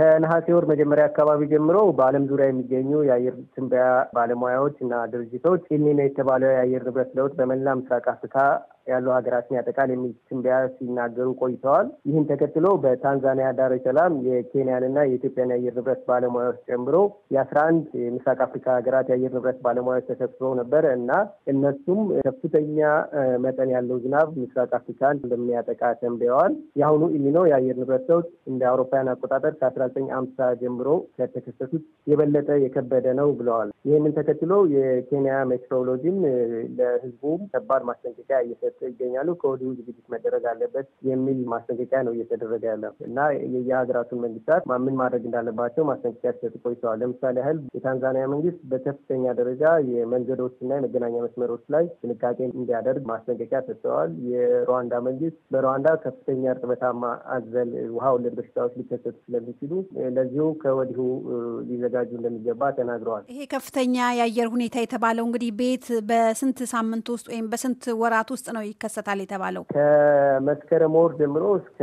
ከነሐሴ ወር መጀመሪያ አካባቢ ጀምሮ በዓለም ዙሪያ የሚገኙ የአየር ትንበያ ባለሙያዎች እና ድርጅቶች ኢልኒኖ የተባለ የአየር ንብረት ለውጥ በመላ ምስራቅ አፍሪካ ያለው ሀገራትን ያጠቃል የሚል ትንበያ ሲናገሩ ቆይተዋል። ይህን ተከትሎ በታንዛኒያ ዳሬ ሰላም የኬንያንና የኢትዮጵያን የአየር ንብረት ባለሙያዎች ጨምሮ የአስራ አንድ የምስራቅ አፍሪካ ሀገራት የአየር ንብረት ባለሙያዎች ተሰብስበው ነበር እና እነሱም ከፍተኛ መጠን ያለው ዝናብ ምስራቅ አፍሪካን እንደሚያጠቃ ተንብየዋል። የአሁኑ ኢሊኖ የአየር ንብረት ለውጥ እንደ አውሮፓውያን አቆጣጠር ከአስራ ዘጠኝ አምሳ ጀምሮ ከተከሰቱት የበለጠ የከበደ ነው ብለዋል። ይህንን ተከትሎ የኬንያ ሜትሮሎጂም ለህዝቡ ከባድ ማስጠንቀቂያ እየሰጠ ይገኛሉ። ከወዲሁ ዝግጅት መደረግ አለበት የሚል ማስጠንቀቂያ ነው እየተደረገ ያለ እና የየሀገራቱን መንግስታት ምን ማድረግ እንዳለባቸው ማስጠንቀቂያ ሲሰጡ ቆይተዋል። ለምሳሌ ያህል የታንዛኒያ መንግስት በከፍተኛ ደረጃ የመንገዶችና የመገናኛ መስመሮች ላይ ጥንቃቄ እንዲያደርግ ማስጠንቀቂያ ሰጥተዋል። የሩዋንዳ መንግስት በሩዋንዳ ከፍተኛ እርጥበታማ አዘል ውሃ ወለድ በሽታዎች ሊከሰቱ ስለሚችሉ ለዚሁ ከወዲሁ ሊዘጋጁ እንደሚገባ ተናግረዋል። ይሄ ከፍተኛ የአየር ሁኔታ የተባለው እንግዲህ ቤት በስንት ሳምንት ውስጥ ወይም በስንት ወራት ውስጥ ነው ይከሰታል የተባለው? ከመስከረም ወር ጀምሮ እስከ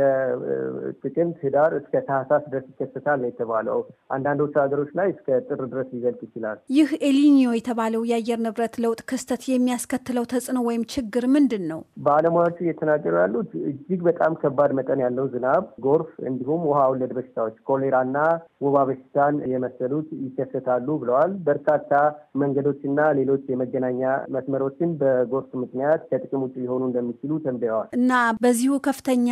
ጥቅምት፣ ህዳር እስከ ታህሳስ ድረስ ይከሰታል ነው የተባለው። አንዳንዶቹ ሀገሮች ላይ እስከ ጥር ድረስ ሊዘልቅ ይችላል። ይህ ኤሊኒዮ የተባለው የአየር ንብረት ለውጥ ክስተት የሚያስከትለው ተጽዕኖ ወይም ችግር ምንድን ነው? ባለሙያዎቹ እየተናገሩ ያሉት እጅግ በጣም ከባድ መጠን ያለው ዝናብ፣ ጎርፍ፣ እንዲሁም ውሃ ወለድ በሽታዎች ኮሌራና ወባ በሽታን የመሰሉት ይከሰታሉ ብለዋል። በርካታ መንገዶችና ሌሎች የመገናኛ መስመሮችን በጎርፍ ምክንያት ከጥቅም ውጭ ሊሆኑ እንደሚችሉ ተንብየዋል። እና በዚሁ ከፍተኛ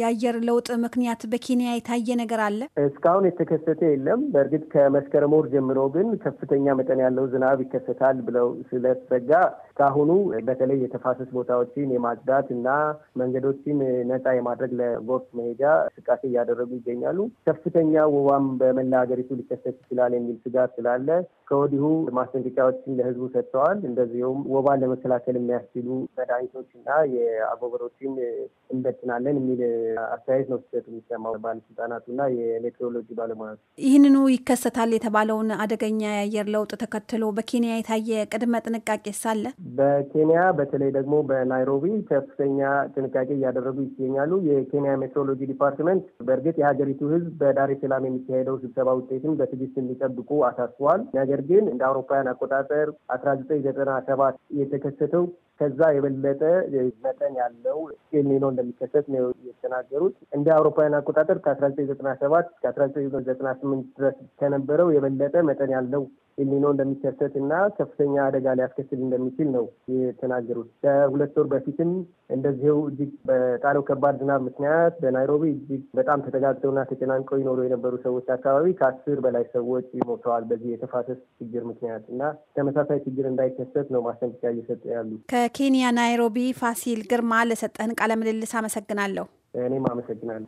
የአየር ለውጥ ምክንያት በኬንያ የታየ ነገር አለ? እስካሁን የተከሰተ የለም። በእርግጥ ከመስከረም ወር ጀምሮ ግን ከፍተኛ መጠን ያለው ዝናብ ይከሰታል ብለው ስለተዘጋ እስካሁኑ በተለይ የተፋሰስ ቦታዎችን የማጽዳት እና መንገዶችን ነጻ የማድረግ ለጎርፍ መሄጃ እንቅስቃሴ እያደረጉ ይገኛሉ። ከፍተኛ ወባም በመላ ሀገሪቱ ሊከሰት ይችላል የሚል ስጋት ስላለ ከወዲሁ ማስጠንቀቂያዎችን ለህዝቡ ሰጥተዋል። እንደዚሁም ወባን ለመከላከል የሚያስችሉ መድኃኒቶች ችግሮች እና የአጎበሮችን እንበትናለን የሚል አስተያየት ነው ሲሰጡ የሚሰማው ባለስልጣናቱ እና የሜትሮሎጂ ባለሙያዎች። ይህንኑ ይከሰታል የተባለውን አደገኛ የአየር ለውጥ ተከትሎ በኬንያ የታየ ቅድመ ጥንቃቄ ሳለ በኬንያ በተለይ ደግሞ በናይሮቢ ከፍተኛ ጥንቃቄ እያደረጉ ይገኛሉ። የኬንያ ሜትሮሎጂ ዲፓርትመንት በእርግጥ የሀገሪቱ ሕዝብ በዳሬ ሰላም የሚካሄደው ስብሰባ ውጤትን በትዕግስት እንዲጠብቁ አሳስቧል። ነገር ግን እንደ አውሮፓውያን አቆጣጠር አስራ ዘጠኝ ዘጠና ሰባት የተከሰተው ከዛ የበለጠ መጠን ያለው ኤልኒኖ እንደሚከሰት ነው የተናገሩት። እንደ አውሮፓውያን አቆጣጠር ከአስራ ዘጠኝ ዘጠና ሰባት እስከ ዘጠኝ ዘጠና ስምንት ድረስ ከነበረው የበለጠ መጠን ያለው ኤልኒኖ እንደሚከሰት እና ከፍተኛ አደጋ ሊያስከትል እንደሚችል ነው የተናገሩት። ከሁለት ወር በፊትም እንደዚሁ እጅግ በጣለው ከባድ ዝናብ ምክንያት በናይሮቢ እጅግ በጣም ተጠጋግተውና ተጨናንቀው ይኖሩ የነበሩ ሰዎች አካባቢ ከአስር በላይ ሰዎች ሞተዋል። በዚህ የተፋሰስ ችግር ምክንያት እና ተመሳሳይ ችግር እንዳይከሰት ነው ማስጠንቀቂያ እየሰጠ ያሉ። ከኬንያ ናይሮቢ ፋሲል ግርማ ለሰጠህን ቃለምልልስ አመሰግናለሁ። እኔም አመሰግናለሁ።